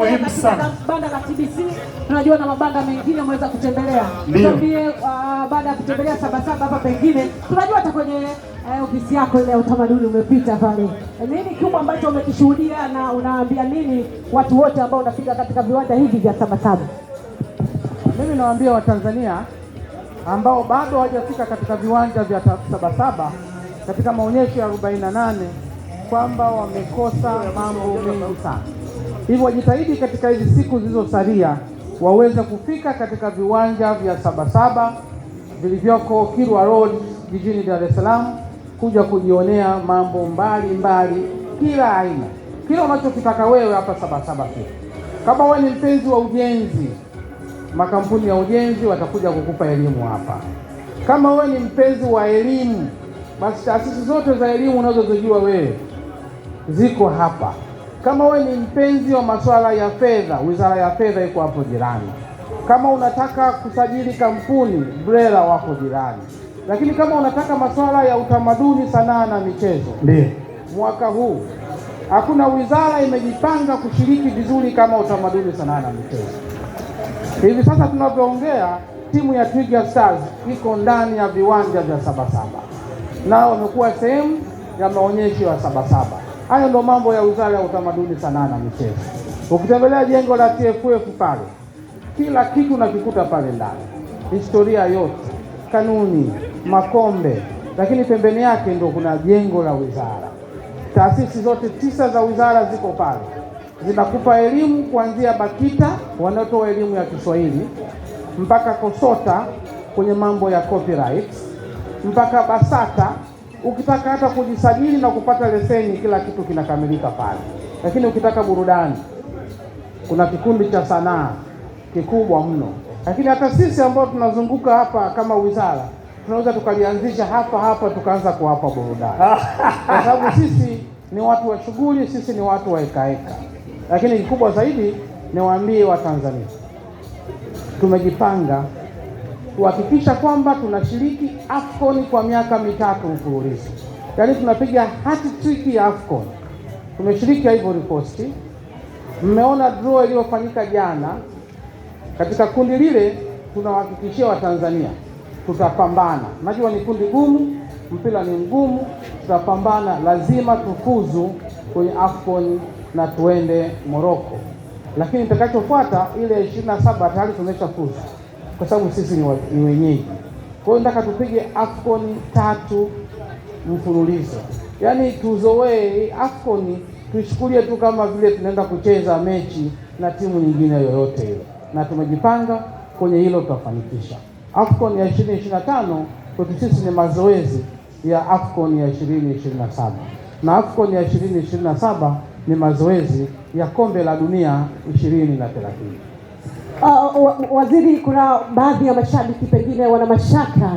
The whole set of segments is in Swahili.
muhimu sana. Banda la TBC tunajua na mabanda mengine ameweza kutembelea. Tuambie uh, baada ya kutembelea Sabasaba hapa pengine tunajua hata kwenye eh, ofisi yako ile ya utamaduni umepita pale. Eh, nini kubwa ambacho umekishuhudia na unaambia nini watu wote ambao unafika katika viwanja hivi vya Sabasaba? Mimi nawaambia Watanzania ambao bado hawajafika katika viwanja vya Sabasaba katika maonyesho ya 48 kwamba wamekosa mambo mengi sana. Hivyo wajitahidi katika hizi siku zilizosalia waweze kufika katika viwanja vya Sabasaba vilivyoko Kilwa Road jijini Dar es Salaam kuja kujionea mambo mbalimbali mbali, kila aina, kila unachokitaka wewe hapa Sabasaba tu. Kama wewe ni mpenzi wa ujenzi, makampuni ya ujenzi watakuja kukupa elimu hapa. Kama wewe ni mpenzi wa elimu, basi taasisi zote za elimu unazozijua wewe ziko hapa. Kama wewe ni mpenzi wa masuala ya fedha, wizara ya fedha iko hapo jirani. Kama unataka kusajili kampuni, BRELA wako jirani. Lakini kama unataka masuala ya utamaduni, sanaa na michezo, ndio mwaka huu hakuna wizara imejipanga kushiriki vizuri kama utamaduni, sanaa na michezo. Hivi sasa tunavyoongea, timu ya Twiga Stars iko ndani ya viwanja vya Sabasaba, nao wamekuwa sehemu ya maonyesho ya Sabasaba. Hayo ndo mambo ya Wizara ya Utamaduni, Sanaa na Michezo. Ukitembelea jengo la TFF pale, kila kitu nakikuta pale ndani, historia yote, kanuni, makombe, lakini pembeni yake ndo kuna jengo la wizara. Taasisi zote tisa za wizara ziko pale, zinakupa elimu kuanzia BAKITA wanaotoa elimu ya Kiswahili mpaka KOSOTA kwenye mambo ya copyright mpaka BASATA Ukitaka hata kujisajili na kupata leseni, kila kitu kinakamilika pale. Lakini ukitaka burudani, kuna kikundi cha sanaa kikubwa mno. Lakini hata sisi ambao tunazunguka hapa kama wizara tunaweza tukalianzisha hapa hapa tukaanza kuwapa burudani, kwa sababu sisi ni watu wa shughuli, sisi ni watu wa hekaheka. Lakini kikubwa zaidi niwaambie Watanzania, tumejipanga kuhakikisha kwamba tunashiriki AFCON kwa miaka mitatu mfululizo, yaani tunapiga hat trick ya AFCON. Tumeshiriki Ivory Coast, mmeona draw iliyofanyika jana katika kundi lile. Tunawahakikishia Watanzania tutapambana, najua ni kundi gumu, mpira ni mgumu, tutapambana, lazima tufuzu kwenye AFCON na tuende Morocco, lakini itakachofuata ile 27 tayari tumeshafuzu kwa sababu sisi ni wenyeji. Kwa hiyo nataka tupige AFCON tatu mfululizo, yaani tuzoee AFCON, tuichukulie tu kama vile tunaenda kucheza mechi na timu nyingine yoyote ile, na tumejipanga kwenye hilo, tutafanikisha AFCON ya 2025 kwetu sisi ni mazoezi ya AFCON ya 2027 na AFCON ya 2027 ni mazoezi ya kombe la dunia 2030. na uh, waziri, kuna baadhi ya mashabiki pengine wana mashaka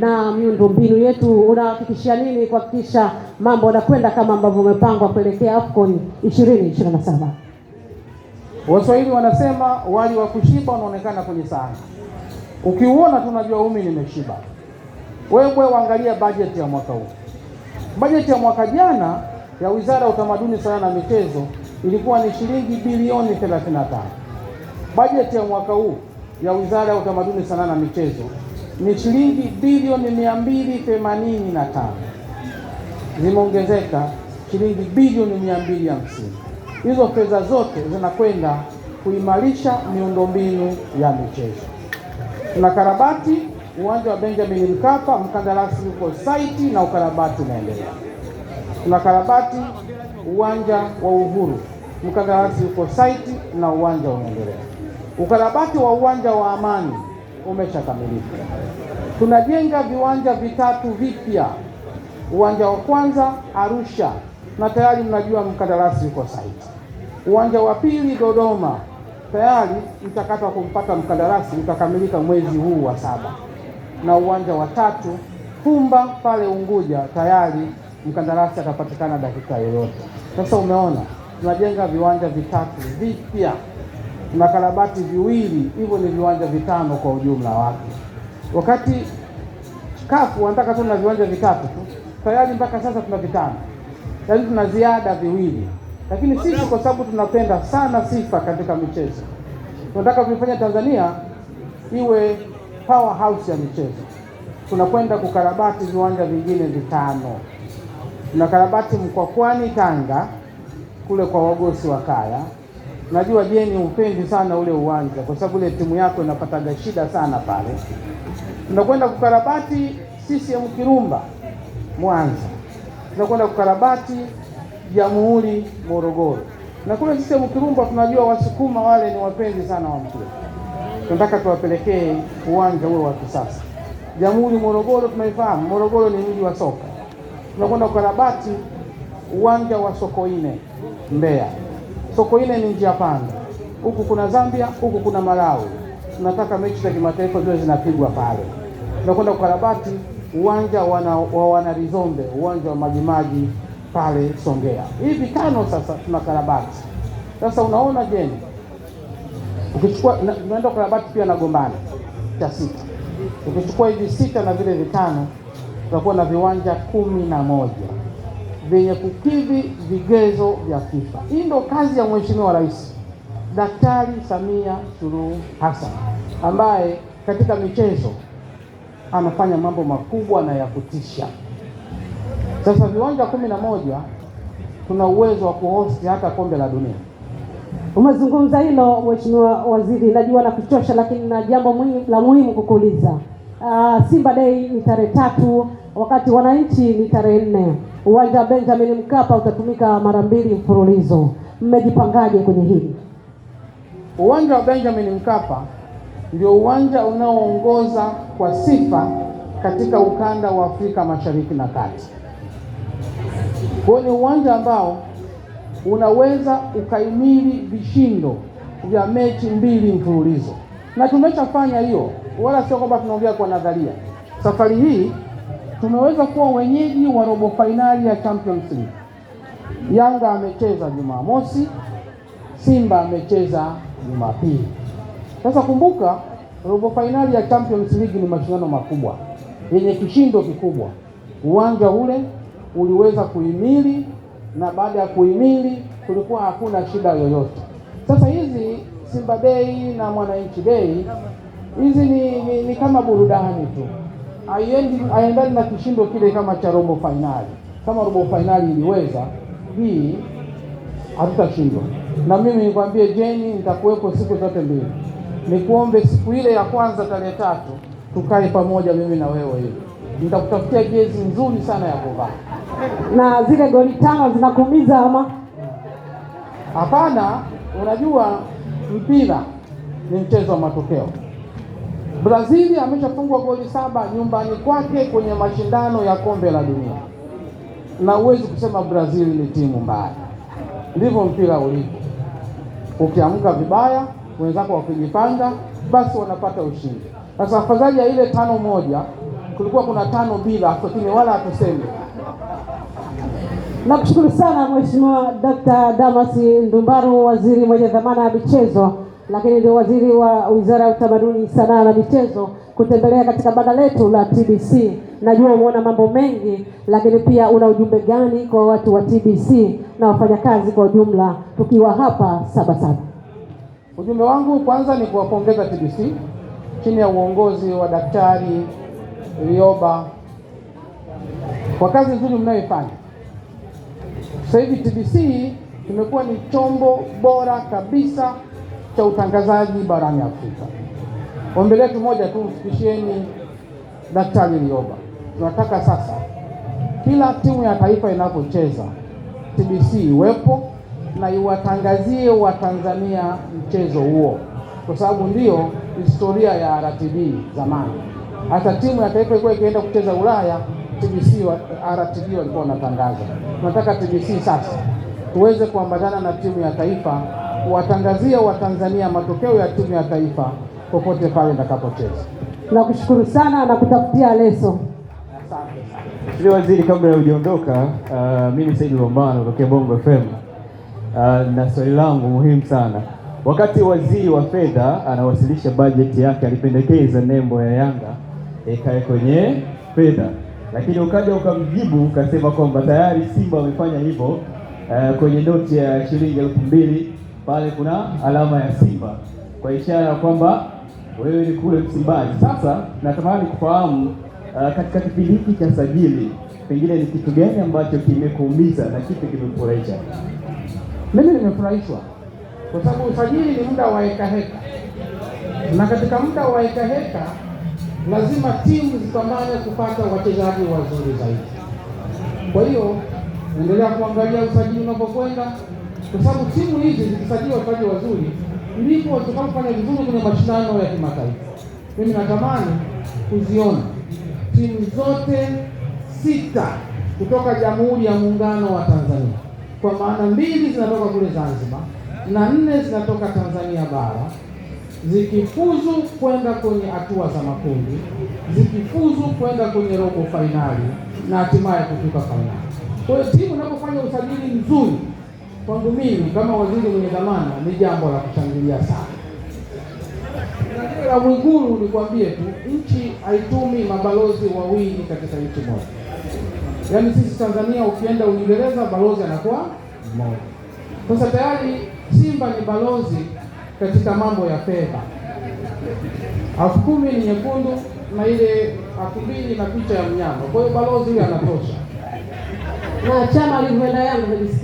na miundombinu yetu, unahakikishia nini kuhakikisha mambo yanakwenda kama ambavyo umepangwa kuelekea AFCON 2027? Waswahili wanasema wali wa kushiba unaonekana kwenye sahani, ukiuona tunajua umi nimeshiba. Wewe waangalia bajeti ya mwaka huu. Bajeti ya mwaka jana ya Wizara ya Utamaduni, Sanaa na Michezo ilikuwa ni shilingi bilioni 35. Bajeti ya mwaka huu ya Wizara ya Utamaduni, Sanaa na Michezo ni shilingi bilioni 285, zimeongezeka shilingi bilioni 250. Hizo fedha zote zinakwenda kuimarisha miundombinu ya michezo. Tuna karabati uwanja wa Benjamin Mkapa, mkandarasi uko saiti na ukarabati unaendelea. Tuna karabati uwanja wa Uhuru, mkandarasi uko saiti na uwanja unaendelea. Ukarabati wa uwanja wa Amani umeshakamilika. Tunajenga viwanja vitatu vipya. Uwanja wa kwanza Arusha, na tayari mnajua mkandarasi yuko saiti. Uwanja wa pili Dodoma, tayari mchakato wa kumpata mkandarasi utakamilika mwezi huu wa saba, na uwanja wa tatu Pumba pale Unguja, tayari mkandarasi atapatikana dakika yoyote. Sasa umeona, tunajenga viwanja vitatu vipya karabati viwili, hivyo ni viwanja vitano kwa ujumla wake. Wakati kafu wanataka tu na viwanja vitatu tu, tayari mpaka sasa tuna vitano, lakini tuna ziada viwili. Lakini sisi kwa sababu tunapenda sana sifa katika michezo, tunataka kuifanya Tanzania iwe powerhouse ya michezo. Tunakwenda kukarabati viwanja vingine vitano. Tunakarabati Mkwakwani Tanga kule kwa wagosi wa kaya Najua jeni upendi sana ule uwanja, kwa sababu ile timu yako inapataga shida sana pale. Tunakwenda kukarabati CCM Kirumba Mwanza, tunakwenda kukarabati Jamhuri Morogoro, na kule CCM Kirumba tunajua Wasukuma wale ni wapenzi sana wa mpira, tunataka tuwapelekee uwanja huo wa kisasa. Jamhuri Morogoro tunaifahamu, Morogoro ni mji wa soka. Tunakwenda kukarabati uwanja wa Sokoine Mbeya. Soko ile ni njia panda, huku kuna Zambia, huku kuna Malawi. Tunataka mechi za kimataifa ziwe zinapigwa pale. Tunakwenda kukarabati uwanja wana, wa Wanarizombe, uwanja wa Majimaji pale Songea. Hii vitano sasa tunakarabati. Sasa unaona jeni, ukichukua tunaenda kukarabati pia na Gombani cha sita. Ukichukua hivi sita na vile vitano, tutakuwa na viwanja kumi na moja vyenye kukidhi vigezo vya FIFA. Hii ndo kazi ya Mheshimiwa Rais Daktari Samia Suluhu Hassan ambaye katika michezo anafanya mambo makubwa na ya kutisha. Sasa viwanja kumi na moja tuna uwezo wa kuhosti hata kombe la dunia. Umezungumza hilo Mheshimiwa Waziri, najua na kuchosha, lakini na jambo muhimu la muhimu kukuuliza. Uh, Simba Day ni tarehe tatu wakati wananchi ni tarehe nne uwanja wa Benjamin Mkapa utatumika mara mbili mfululizo. Mmejipangaje kwenye hili? Uwanja wa Benjamin Mkapa ndio uwanja unaoongoza kwa sifa katika ukanda wa Afrika Mashariki na Kati. Kwa ni uwanja ambao unaweza ukaimili vishindo vya mechi mbili mfululizo, na tumeshafanya hiyo, wala sio kwamba tunaongea kwa nadharia. Safari hii tumeweza kuwa wenyeji wa robo fainali ya Champions League. Yanga amecheza Jumamosi, Simba amecheza Jumapili. Sasa kumbuka, robo fainali ya Champions League ni mashindano makubwa yenye kishindo kikubwa. Uwanja ule uliweza kuhimili, na baada ya kuhimili kulikuwa hakuna shida yoyote. Sasa hizi Simba Day na Mwananchi Day hizi ni, ni, ni kama burudani tu haiendi haendani na kishindo kile kama cha robo fainali. Kama robo fainali iliweza, hii hatutashindwa. Na mimi nikwambie Jeni, nitakuwepo siku zote mbili. Nikuombe siku ile ya kwanza tarehe tatu tukae pamoja, mimi na wewe hivi, nitakutafutia jezi nzuri sana ya kuvaa. Na zile goli tano zinakuumiza ama hapana? Unajua mpira ni mchezo wa matokeo. Brazil ameshafungwa goli saba nyumbani kwake kwenye mashindano ya kombe la dunia, na huwezi kusema Brazil ni timu mbaya. Ndivyo mpira ulivyo, ukiamka vibaya wenzako wakijipanga, basi wanapata ushindi. Sasa afadhali ya ile tano moja kulikuwa kuna tano bila, lakini wala hatusemi. Nakushukuru sana Mheshimiwa Dkt. Damasi Ndumbaru, waziri mwenye dhamana ya michezo lakini ndio waziri wa Wizara ya Utamaduni, Sanaa na Michezo kutembelea katika banda letu la TBC. Najua umeona mambo mengi, lakini pia una ujumbe gani kwa watu wa TBC na wafanyakazi kwa ujumla, tukiwa hapa Sabasaba? Ujumbe wangu kwanza ni kuwapongeza TBC chini ya uongozi wa Daktari Rioba kwa kazi nzuri mnayoifanya. Sasa hivi TBC imekuwa ni chombo bora kabisa cha utangazaji barani Afrika. Ombi letu moja tu mfikishieni Daktari Lioba. Tunataka sasa kila timu ya taifa inapocheza TBC iwepo na iwatangazie Watanzania mchezo huo, kwa sababu ndio historia ya RTB zamani. Hata timu ya taifa ilikuwa ikienda kucheza Ulaya, TBC wa RTB walikuwa wanatangaza. Tunataka TBC sasa tuweze kuambatana na timu ya taifa kuwatangazia Watanzania matokeo ya timu ya taifa popote pale itakapocheza. Nakushukuru sana na kutafutia leso. Asante waziri, kabla ya hujaondoka, uh, mimi Saidi Lombano kutokea Bongo FM uh, na swali langu muhimu sana Wakati waziri wa fedha anawasilisha bajeti yake alipendekeza nembo ya Yanga ikae kwenye fedha, lakini ukaja ukamjibu ukasema kwamba tayari Simba wamefanya hivyo uh, kwenye noti ya shilingi elfu mbili pale kuna alama ya simba kwa ishara ya kwamba wewe ni kule Msimbazi. Sasa natamani kufahamu uh, katika kipindi hiki cha sajili, pengine ni kitu gani ambacho kimekuumiza na kitu kimefurahisha Mimi nimefurahishwa kwa sababu usajili ni muda wa heka heka, na katika muda wa heka heka lazima timu zipambane kupata wachezaji wazuri zaidi. Kwa hiyo endelea kuangalia usajili unapokwenda kwa sababu timu hizi zikisajiliwa wachezaji wazuri, ndipo watakapofanya vizuri kwenye mashindano ya kimataifa. Mimi natamani kuziona timu zote sita kutoka Jamhuri ya Muungano wa Tanzania, kwa maana mbili zinatoka kule Zanzibar na nne zinatoka Tanzania bara zikifuzu kwenda kwenye hatua za makundi, zikifuzu kwenda kwenye robo fainali na hatimaye kufika fainali. Kwa hiyo timu inapofanya usajili mzuri kwangu mimi kama waziri mwenye dhamana ni jambo la kushangilia sana. La Mwigulu nikwambie tu, nchi haitumi mabalozi wawili katika nchi moja. Yaani sisi Tanzania, ukienda Uingereza balozi anakuwa mmoja. Sasa tayari Simba ni balozi katika mambo ya fedha, elfu kumi ni nyekundu na ile elfu mbili na picha ya mnyama. Kwa hiyo balozi huyo anatosha na chama livyoenda yangu